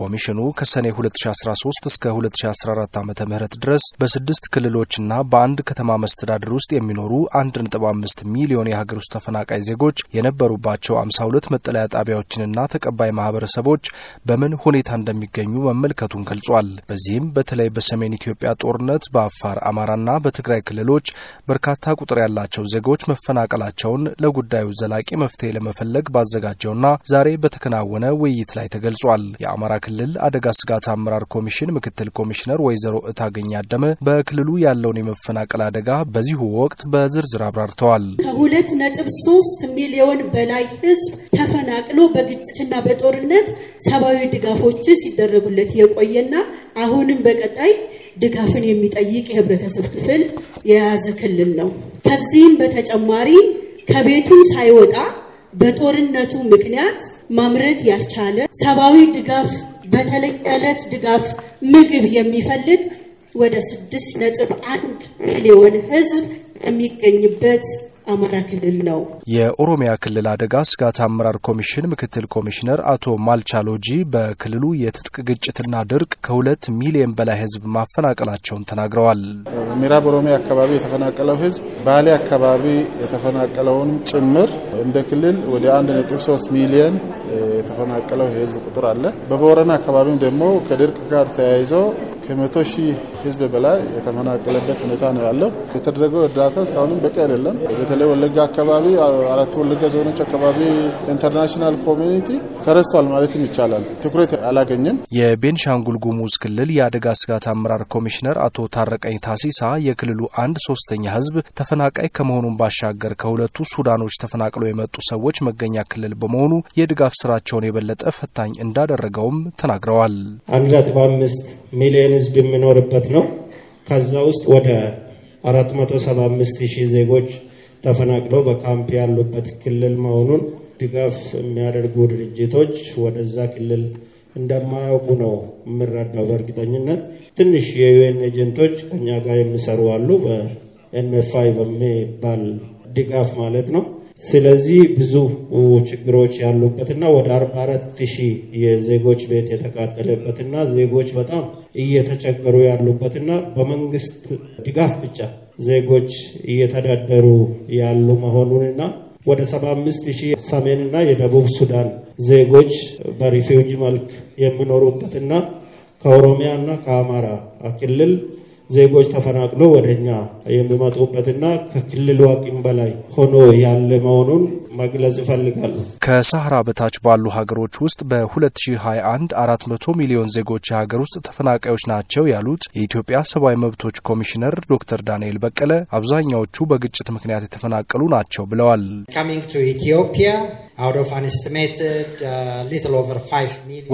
ኮሚሽኑ ከሰኔ 2013 እስከ 2014 ዓ ም ድረስ በስድስት ክልሎችና በአንድ ከተማ መስተዳድር ውስጥ የሚኖሩ 1.5 ሚሊዮን የሀገር ውስጥ ተፈናቃይ ዜጎች የነበሩባቸው 52 መጠለያ ጣቢያዎችንና ተቀባይ ማህበረሰቦች በምን ሁኔታ እንደሚገኙ መመልከቱን ገልጿል። በዚህም በተለይ በሰሜን ኢትዮጵያ ጦርነት በአፋር አማራና በትግራይ ክልሎች በርካታ ቁጥር ያላቸው ዜጎች መፈናቀላቸውን ለጉዳዩ ዘላቂ መፍትሄ ለመፈለግ ባዘጋጀውና ዛሬ በተከናወነ ውይይት ላይ ተገልጿል። የአማራ ክልል አደጋ ስጋት አመራር ኮሚሽን ምክትል ኮሚሽነር ወይዘሮ እታገኝ አደመ በክልሉ ያለውን የመፈናቀል አደጋ በዚሁ ወቅት በዝርዝር አብራርተዋል። ከሁለት ነጥብ ሶስት ሚሊዮን በላይ ህዝብ ተፈናቅሎ በግጭትና በጦርነት ሰብአዊ ድጋፎች ሲደረጉለት የቆየና አሁንም በቀጣይ ድጋፍን የሚጠይቅ የህብረተሰብ ክፍል የያዘ ክልል ነው። ከዚህም በተጨማሪ ከቤቱ ሳይወጣ በጦርነቱ ምክንያት ማምረት ያልቻለ ሰብአዊ ድጋፍ በተለይ ዕለት ድጋፍ ምግብ የሚፈልግ ወደ ስድስት ነጥብ አንድ ሚሊዮን ህዝብ የሚገኝበት አማራ ክልል ነው። የኦሮሚያ ክልል አደጋ ስጋት አመራር ኮሚሽን ምክትል ኮሚሽነር አቶ ማልቻሎጂ በክልሉ የትጥቅ ግጭትና ድርቅ ከሁለት ሚሊዮን በላይ ህዝብ ማፈናቀላቸውን ተናግረዋል። ምዕራብ ኦሮሚያ አካባቢ የተፈናቀለው ህዝብ ባሌ አካባቢ የተፈናቀለውንም ጭምር እንደ ክልል ወደ 1.3 ሚሊዮን የተፈናቀለው የህዝብ ቁጥር አለ። በቦረና አካባቢም ደግሞ ከድርቅ ጋር ተያይዞ ከመቶ ሺህ ህዝብ በላይ የተመናቀለበት ሁኔታ ነው ያለው። የተደረገው እርዳታ እስካሁንም በቂ አይደለም። በተለይ ወለጋ አካባቢ አራት ወለጋ ዞኖች አካባቢ ኢንተርናሽናል ኮሚኒቲ ተረስቷል ማለትም ይቻላል። ትኩረት አላገኘም። የቤንሻንጉል ጉሙዝ ክልል የአደጋ ስጋት አመራር ኮሚሽነር አቶ ታረቀኝ ታሲሳ የክልሉ አንድ ሶስተኛ ህዝብ ተፈናቃይ ከመሆኑን ባሻገር ከሁለቱ ሱዳኖች ተፈናቅለው የመጡ ሰዎች መገኛ ክልል በመሆኑ የድጋፍ ስራቸውን የበለጠ ፈታኝ እንዳደረገውም ተናግረዋል። አንድ ነጥብ አምስት ሚሊዮን ህዝብ የሚኖርበት ነው። ነው። ከዛ ውስጥ ወደ 475000 ሺህ ዜጎች ተፈናቅለው በካምፕ ያሉበት ክልል መሆኑን ድጋፍ የሚያደርጉ ድርጅቶች ወደዛ ክልል እንደማያውቁ ነው የምረዳው። በእርግጠኝነት ትንሽ የዩኤን ኤጀንቶች ከኛ ጋር የሚሰሩ አሉ፣ በኤንኤፍአይ በሚባል ድጋፍ ማለት ነው። ስለዚህ ብዙ ችግሮች ያሉበትና ወደ 44 ሺህ የዜጎች ቤት የተቃጠለበትና ዜጎች በጣም እየተቸገሩ ያሉበትና በመንግስት ድጋፍ ብቻ ዜጎች እየተዳደሩ ያሉ መሆኑንና ወደ 75 ሺህ ሰሜንና የደቡብ ሱዳን ዜጎች በሪፊውጅ መልክ የሚኖሩበትና ከኦሮሚያና ከአማራ ክልል ዜጎች ተፈናቅሎ ወደኛ የሚመጡበትና ከክልሉ አቅም በላይ ሆኖ ያለ መሆኑን መግለጽ ይፈልጋሉ። ከሳህራ በታች ባሉ ሀገሮች ውስጥ በ2021 400 ሚሊዮን ዜጎች የሀገር ውስጥ ተፈናቃዮች ናቸው ያሉት የኢትዮጵያ ሰብአዊ መብቶች ኮሚሽነር ዶክተር ዳንኤል በቀለ አብዛኛዎቹ በግጭት ምክንያት የተፈናቀሉ ናቸው ብለዋል። Uh,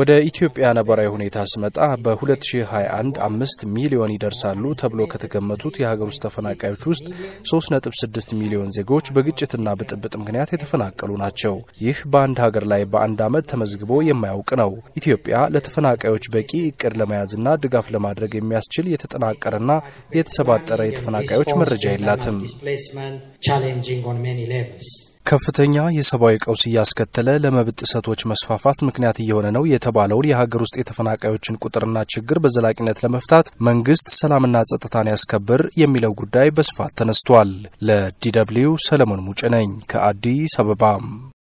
ወደ ኢትዮጵያ ነባራዊ ሁኔታ ስመጣ በ2021 አምስት ሚሊዮን ይደርሳሉ ተብሎ ከተገመቱት የሀገር ውስጥ ተፈናቃዮች ውስጥ 3.6 ሚሊዮን ዜጎች በግጭትና ብጥብጥ ምክንያት የተፈናቀሉ ናቸው። ይህ በአንድ ሀገር ላይ በአንድ ዓመት ተመዝግቦ የማያውቅ ነው። ኢትዮጵያ ለተፈናቃዮች በቂ እቅድ ለመያዝና ድጋፍ ለማድረግ የሚያስችል የተጠናቀረና የተሰባጠረ የተፈናቃዮች መረጃ የላትም። ከፍተኛ የሰብአዊ ቀውስ እያስከተለ ለመብት ጥሰቶች መስፋፋት ምክንያት እየሆነ ነው የተባለውን የሀገር ውስጥ የተፈናቃዮችን ቁጥርና ችግር በዘላቂነት ለመፍታት መንግስት ሰላምና ጸጥታን ያስከብር የሚለው ጉዳይ በስፋት ተነስቷል። ለዲ ሰለሞን ሙጭ ነኝ ከአዲስ አበባ።